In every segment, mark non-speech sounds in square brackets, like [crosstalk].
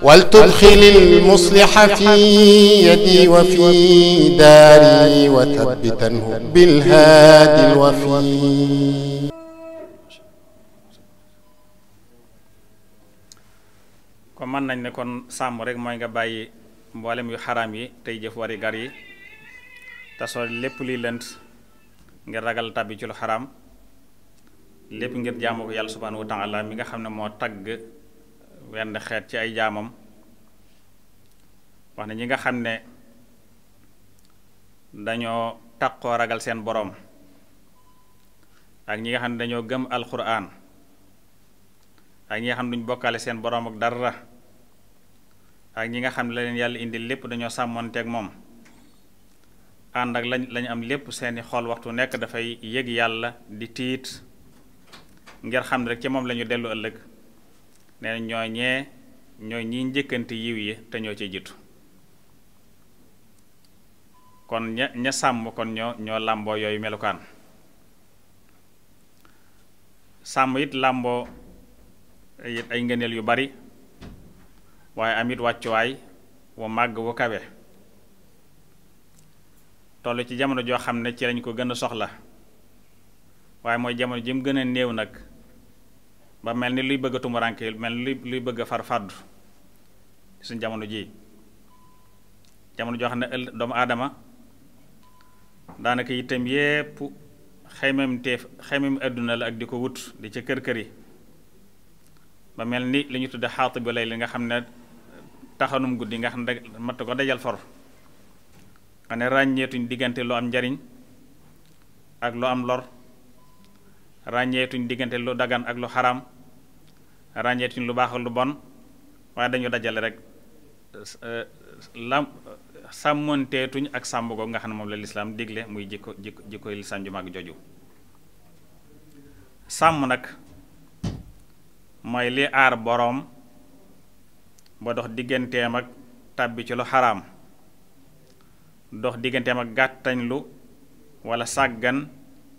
ولتدخل المصلح في يدي وفي داري وثبته بالهادي الوفي kon mën nañ ne kon rek mooy nga bàyyi mboolem yu xaraam yi tey jëf wari gar yi te soo lépp luy lënt ngir ragal tàbbi ci lu xaraam lépp ngir jaamu ko yàlla subhaanahu wa taala mi nga xam ne moo tagg wenn xeet ci ay jaamam wax ne ñi nga xam ne dañoo taqoo ragal seen boroom ak ñi nga xam ne dañoo gëm alxuraan ak ñi nga xam ne duñ bokkaale seen boroom ak dara ak ñi nga xam ne la leen yàlla indi lépp dañoo sàmmoonteeg moom ànd ak lañ lañu am lépp seeni xool waxtu nekk dafay yëg yàlla di tiit ngir xam ne rek ci moom la ñu dellu ëllëg nee na ñooñee ñooy ñi njëkkante yiw yi te ñoo ci jitu kon ña ña sàmm kon ñoo ñoo làmboo yooyu melukaan sàmm it làmboo it ay ngëneel yu bari waaye am it wàccuwaay wa màgg wu kawe toll ci jamono joo xam ne ci lañ ko gën a soxla waaye mooy jamono ji mu gën néew nag ba mel ni luy bëgg a tumuraanke mel ni luy bëgg a far fàddu suñ jamono ji jamono joo xam ne ëll doomu aadama daanaka itam yépp xaymam teef xaymam àdduna la ak di ko wut di ca kër kër yi ba mel ni li ñu tudde xaatu bi lay li nga xam ne taxanum guddi nga xam ne matt ko dajal for xam ne ràññeetuñ diggante lu am njariñ ak lu am lor ràññeetuñ diggante lu dagan ak lu xaram ràññeetuñ lu baax lu bon waaye dañu dajale rek eh, lam ak sàmm googu nga xam ne moom la lislaam digle muy jikko jikko jikkoy lislaam ju mag joju sàmm nag mooy li aar boroom ba dox digganteem ak tàbbi ci lu xaraam dox digganteem ak gàttañlu walla sàggan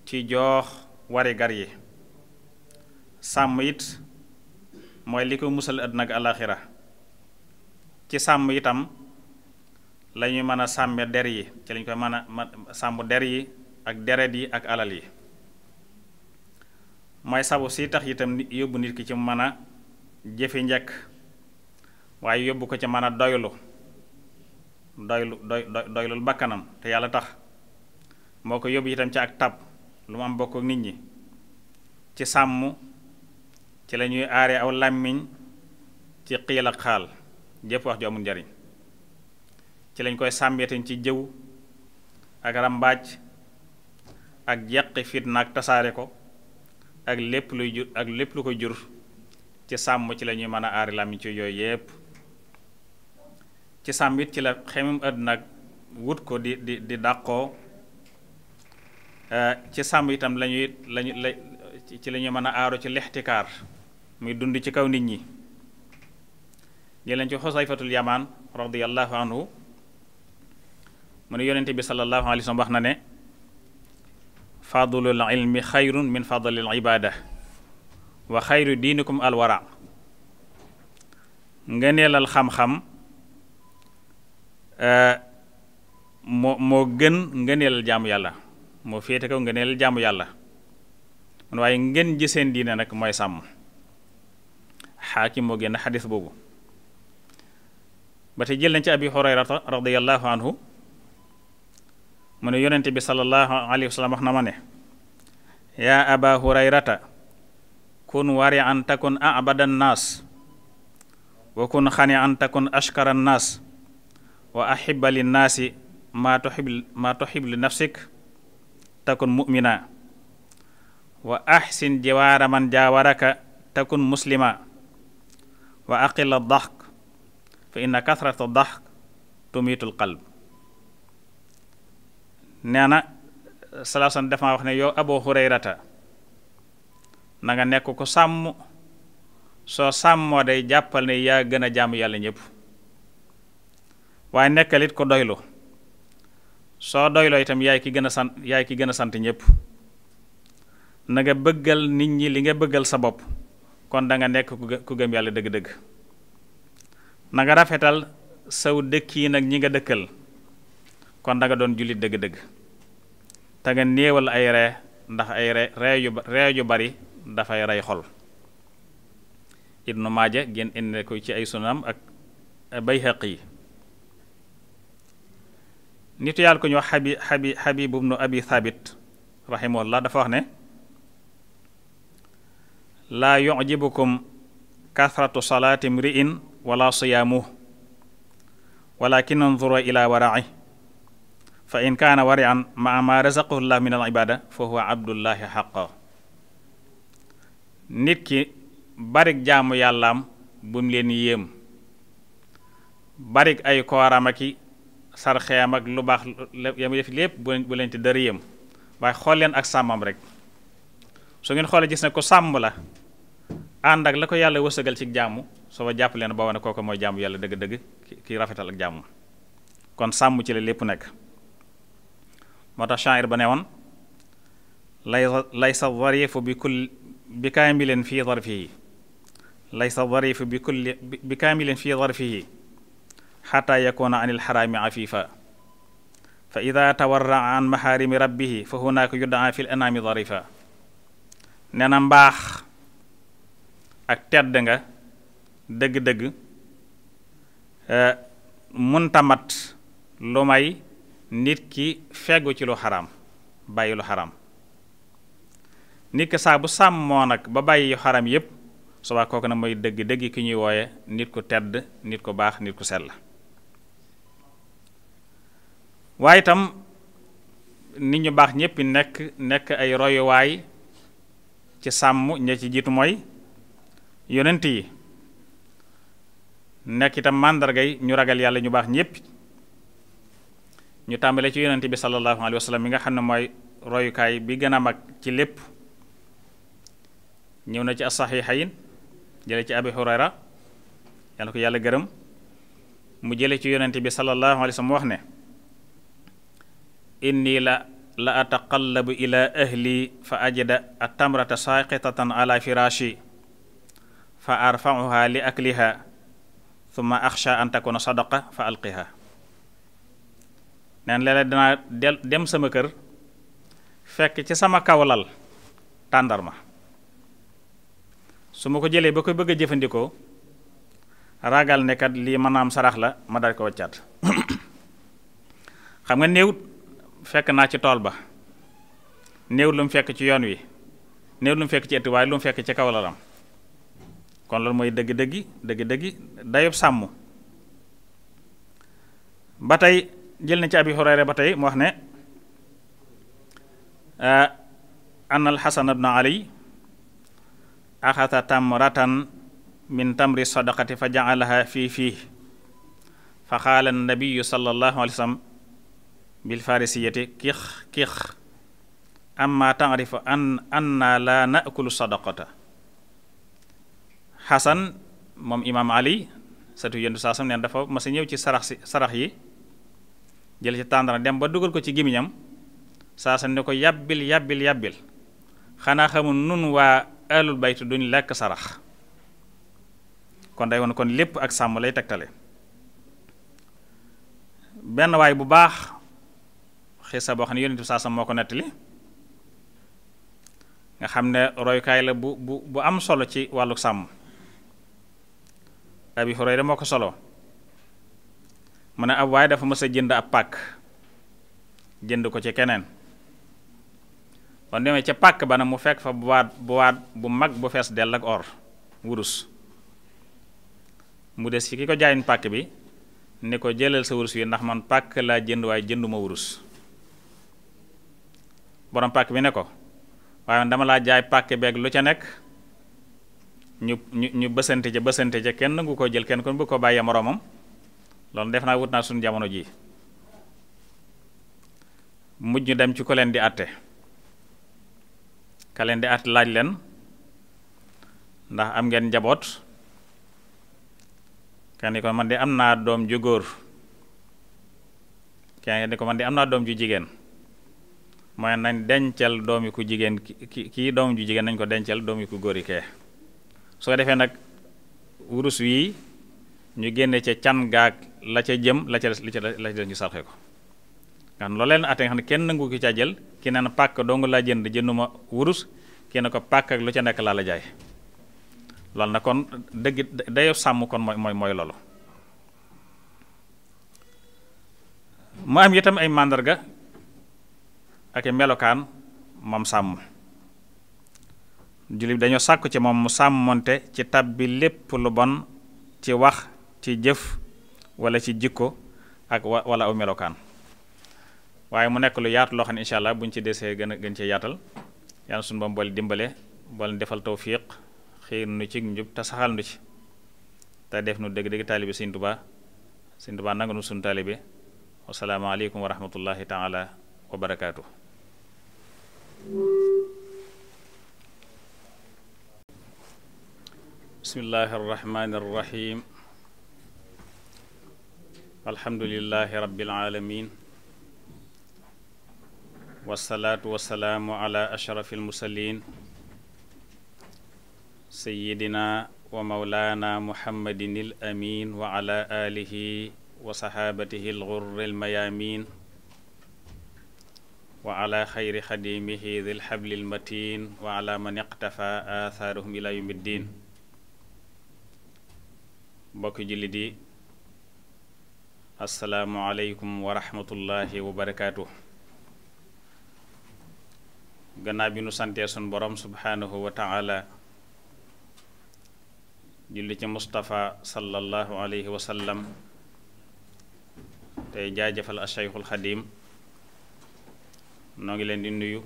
ci joox wari gar yi sàmm it mooy li ko musal àddina ak alaaxira ci sàmm itam lañuy ñuy mën a sàmme der yi ci lañ koy mën a sàmm der yi ak deret yi ak alal yi mooy sabu si tax itam yóbbu nit ki ci mën a jëfi njekk waaye yóbbu ko ci mën a doylu doylu doy doylul bakkanam te yàlla tax moo ko yóbbu itam ci ak tàpp lu mu am bokk nit ñi ci sàmm ci la ñuy aare aw làmmiñ ci xiil ak xaal jëpp wax ju amul njariñ ci lañ koy sàmmeetañ ci jëw ak ràmbaaj ak jeqi fitna ak tasaare ko ak lépp luy jur ak lépp lu ko jur ci sàmm ci la ñuy mën a aari làmmiñ ci yooyu yépp ci sàmm ci la xemum àdduna ak wut ko di di daqoo Eh, ci sàmm itam la ñuy la ci la mën a aaro ci lextikaar muy dund ci kaw nit ñi jëleen ci xosayfatul yamaan radiallahu anhu mu ne yonente bi sallallahu alayhi wa sallam wax na ne fadlul ilmi xayrun min fadlil ibada wa xayru diinikum alwara ngëneelal xam-xam eh, moo moo gën ngëneelal jaamu yàlla moo féete kaw ngëneel jaamu yàlla mun waaye ngeen seen diine nag mooy sàmm xaakim moo génn xadis boobu ba jël nañ abi hurayrata radiallahu anhu mu ne bi salallahu alayhi wa sallam wax na aba hurayrata kun wari an takun abada annaas wa kun xani an takun ashkara annaas wa axiba linnaasi maa tuxib maa tuxib nafsik takun mu'mina wa ahsin jiwaara man jaawaraka takun muslima wa aqil ad-daxk fa inna kathrata ad qalb nee na salaasan def ma wax ne yow Abu Hurayrata na nekk ko sàmm soo sàmmoo day jàppal ne yaa gën a jàmm yàlla ñëpp waaye nekkalit ko doylu soo doyloo itam yaay ki gën a sant yaay ki gën a sant ñëpp na nga bëggal nit ñi li nga bëggal sa bopp kon danga nga nekk ku gëm yàlla dëgg-dëgg na nga rafetal saw dëkkiin ak ñi nga dëkkal kon danga doon jullit dëgg-dëgg te nga néewal ay ree ndax ay ree ree yu ree bari dafay rey xol Ibnu Maaja génn indi ko ci ay sunam ak yi nitu yàlla ko ñu wax xabi xabib ibnu abi thabit rahimahullah dafa wax ne laa yujibukum kathratu salaati mri'in wala siyaamuh walakin anzura ila wara'i fa in kaana wari'an maa ma razaqahu llah min al ibada fa huwa abdullahi xaqa nit ki barik jaamu yàllaam bu mu leen yéem barik ay kooraam sarxeyam ak lu baax yam def lépp bu leen ci dara yem waaye xool leen ak sàmmam rek su ngeen xoolee gis ne ko sàmm la ànd ak la ko yàlla wësagal ci jàmm soo jàpp leen ba wane kooku mooy jàmm yàlla dëgg-dëgg ki rafetal ak jàmm kon sàmm ci la lépp nekk moo tax shaa'ir ba ne woon lay lay laysa dharifu bi kulli bi kaamilin fii dharfihi laysa dharifu bi kulli bi kaamilin fii dharfihi xataa yakuuna anil xaraami afifa fa ida tawarraa an maxaarimi rabbihi fa hunaaka yuddaa fil anaami darifa nee na mbaax ak tedd nga dëgg-dëgg munta mat lu may nit ki feggu ci lu xaraam bàyyi lu xaraam nit ki saa sàmmoo nag ba bàyyi yu xaraam yépp subaa kooku nag mooy dëgg-dëgg ki ñuy wooye nit ku tedd nit ku baax nit ku sell waaye itam nit ñu baax ñëpp nekk nekk ay royuwaay ci sàmm ña ci jiitu mooy yonent yi nekk itam màndargay ñu ragal yàlla ñu baax ñëpp ñu tàmbale ci yonent bi sallallahu alayhi wa sallam mi nga xam ne mooy royukaay bi gën a mag ci lépp ñëw na ci as-saxiixayn jële ci abi hurayra yàlla ko yàlla gërëm mu jële ci yonent bi sallallahu alayhi samu wax ne inni la la ataqallabu ila ahli fa ajida atamrata saqitatan ala firashi fa arfauha li akliha thumma axsha an takuna sadaqa fa alqiha neen léeg-léeg del dem sama kër fekk ci sama kawlal tàndarma su ma ko jëlee ba ko bëgg jëfandikoo ragal ne lii mën am sarax la ma dal ko waccaat [coughs] xam nga néewut fekk naa ci tool ba néew lu fekk ci yoon wi néew lu fekk ci ëtt waaye lu fekk ci kaw kon loolu mooy dëgg dëggi dëgg dëggi dayub sàmm ba tey jël na ci abi Hurayra ba tey mu wax ne ah, anna alxasan ibnu ali axata tamratan min tamri sadaqati fa jaalaha fii fii fa qaala annabiyu sallallahu alayhi wa sallam bil farisiyati kix kix amma taarifu an anna la nakulu sadaqata xasan moom imaam ali satu yendu dafa mas a ñëw ci sarax si sarax yi jël ci tàndara dem ba dugal ko ci gimiñam saa sam ko yàbbil yàbbil yàbbil xanaa xamul nun waa alul baytu duñ lekk sarax kon day woon kon lépp ak sàmm lay tegtale benn waay bu baax xisa boo xam ne yonent bi saasam moo ko nettali nga xam ne roykaay la bu bu bu am solo ci wàllu sàmm abi hurayra moo ko solo mu ne ab waaye dafa mës a jënd ab pàkk jënd ko ci keneen kon demee ca pàkk ba nag mu fekk fa bu waat bu mag bu fees dell ak or wurus mu des ci ki ko jaayin pàkk bi ni ko jëlal sa wurus yi ndax man pàkk laa jënd waaye jënduma wurus borom pàkk bi ne ko waaye dama laa jaay pàkk beeg lu ca nekk ñu ñu ñu bësante ca bësante ca kenn nagu ko jël kenn kon bu ko bàyyee moroomam loolu def naa wut naa suñu jamono ji mujj dem ci ko leen di àtte ka leen di àtte laaj leen ndax am ngeen njaboot kenn ni ko man de am naa doom ju góor kenn ni ko man de am naa doom ju jigéen mooy nañ dencal doomi ku jigéen ki kii doom ju jigéen nañ ko dencal doomi ku góor yi soo defee nag wurus wii ñu génne ca can gaag la ca jëm la ca des la ca des ñu sarxe ko nga xam loolu leen atte nga xam ne kenn nangu ki ca jël ki naan pàkk dong laa jënd jënduma wurus kii ne ko pàkk ak lu ca nekk laa la jaay loolu nag kon dëgg dayo sàmm kon mooy mooy mooy loolu mu am itam ay màndarga ak melokaan moom sàmm jullit bi dañoo sàkku ci moom mu sàmmonte ci tab bi lépp lu bon ci wax ci jëf walla ci jikko ak wala aw melokaan waaye mu nekk lu yaatu loo xam ne incha allah buñ ci desee gën a gën cee yaatal yàlla suñu ba boole dimbale boole defal tawfiq xiir nu ci njub te saxal nu ci te def nu dëgg-dëgg taalibe Sëñ Tuubaa Sëñ Tuubaa nanga nu suñu taalibe wasalaamaaleykum wa rahmatullahi taala wa bismillahi arrahmani arrahim alhamdulilahi rabbil alamin wasalaatu wasalaamu ala ashrafil mursalin sayyidina wa mawlaana muhammadin il amin wa ala alihi wa sahaabatihi al ghurril mayamin wa ala xayri xadimihi dil xablil matin wa ala man iqtafa athaaruhum ila yawmiddin mbokk jullit yi asalaamu aleykum wa rahmatullahi wa barakaatu. gannaaw bi nu borom subhaanahu wa taala julli Mustafa sallallahu alayhi wa sallam tey jaajëfal ashaykhul xadim noo ngi leen di nuyu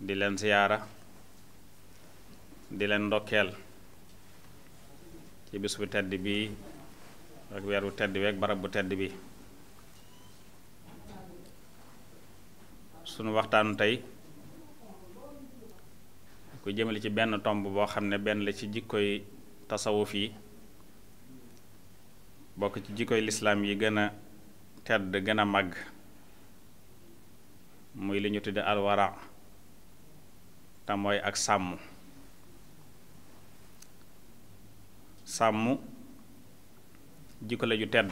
di leen siyaara di leen ndokkeel ci bis bu tedd bi ak weer bu tedd bi ak barab bu tedd bi sunu waxtaanu tey ku jëmale ci benn tomb boo xam ne benn la ci jikkoy tasawuf yi bokk ci jikkoy lislaam yi gën a tedd gën a màgg muy li ñu tudde alwara te ak sàmm sàmm jikko la ju tedd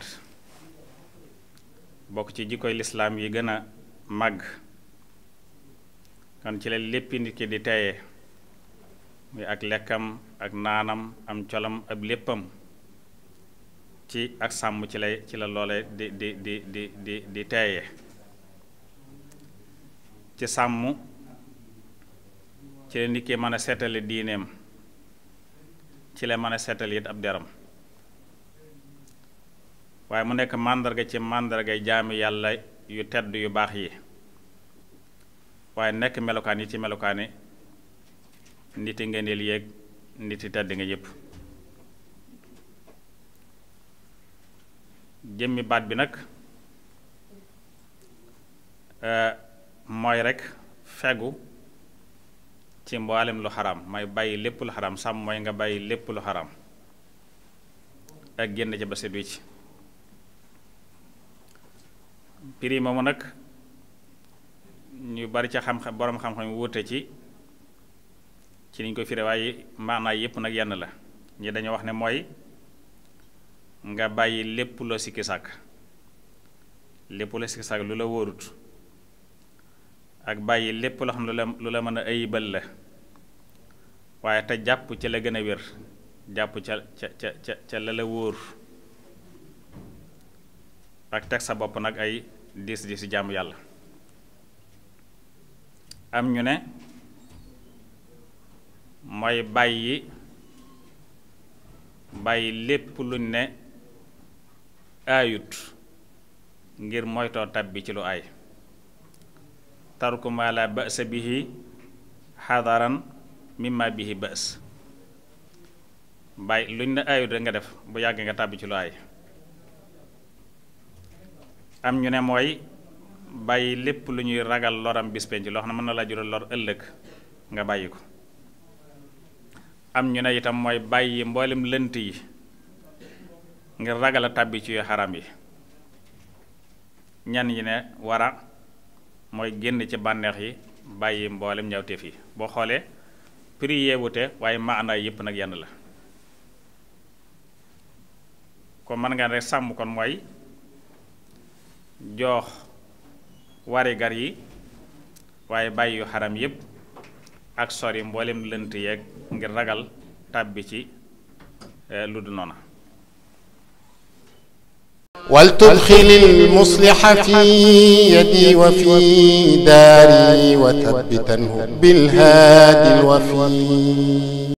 bokk ci jikkoy lislaam yi gën a màgg kon ci la léppi nit ki di teye muy ak lekkam ak naanam am colam ab léppam ci ak sàmm ci lay ci la loole di di di di di di ci sàmm ci la nit ki mën a seetale diineem ci la mën a seetale it ab deram waaye mu nekk màndarga ci màndarga jaami yàlla yu tedd yu baax yi waaye nekk melokaan yi ci melokaani niti ngëneel yéeg niti tedd nga yépp jëmmi baat bi nag euh, mooy rek fegu ci mboolem lu xaram mooy bàyyi lépp lu xaram sàmm mooy nga bàyyi lépp lu xaram ak génn ci ba set wicc prix moomu nag ñu bari ca xam-xam boroom xam-xam wuute ci ci niñ ko firé waaye maanaay yépp nag yenn la ñi dañu wax ne mooy nga bàyyi lépp loo sikki sàkk lépp loo sikki sàkk lu la wóorut ak bàyyi lépp loo xam lu la mën a ayibal la waaye te jàpp ca la gën a wér jàpp ca ca ca ca la la wóor ak teg sa bopp nag ay diis diisi jaamu yàlla am ñu ne mooy bàyyi bàyyi lépp luñ ne aayut ngir moytoo tab bi ci lu aay tarku ma la ba'sa bihi xadaran mimma bihi ba's bàyyi luñ la ayut rek nga def bu yàggee nga tàbbi ci lu ay am ñu ne mooy bàyyi lépp lu ñuy ragal loram bis penc loo xam ne mën na laa jural lor ëllëg nga bàyyi ko am ñu ne itam mooy bàyyi mboolem lënt yi ngir ragal a tàbbi ci yu xaram yi ñan yi ne wara mooy génn ci bànneex yi bàyyi mboolem ñawteef yi boo xoolee prix yee wute waaye maanaay yëpp nag yenn la ko mën nga rek sàmm kon mooy jox wari yi waaye bàyyi yu xaram yëpp ak sori mboolem lënt yeeg ngir ragal tàbbi ci eh, lu du noona ولتدخل المصلح في يدي وفي داري وتثبته بالهادي الوفي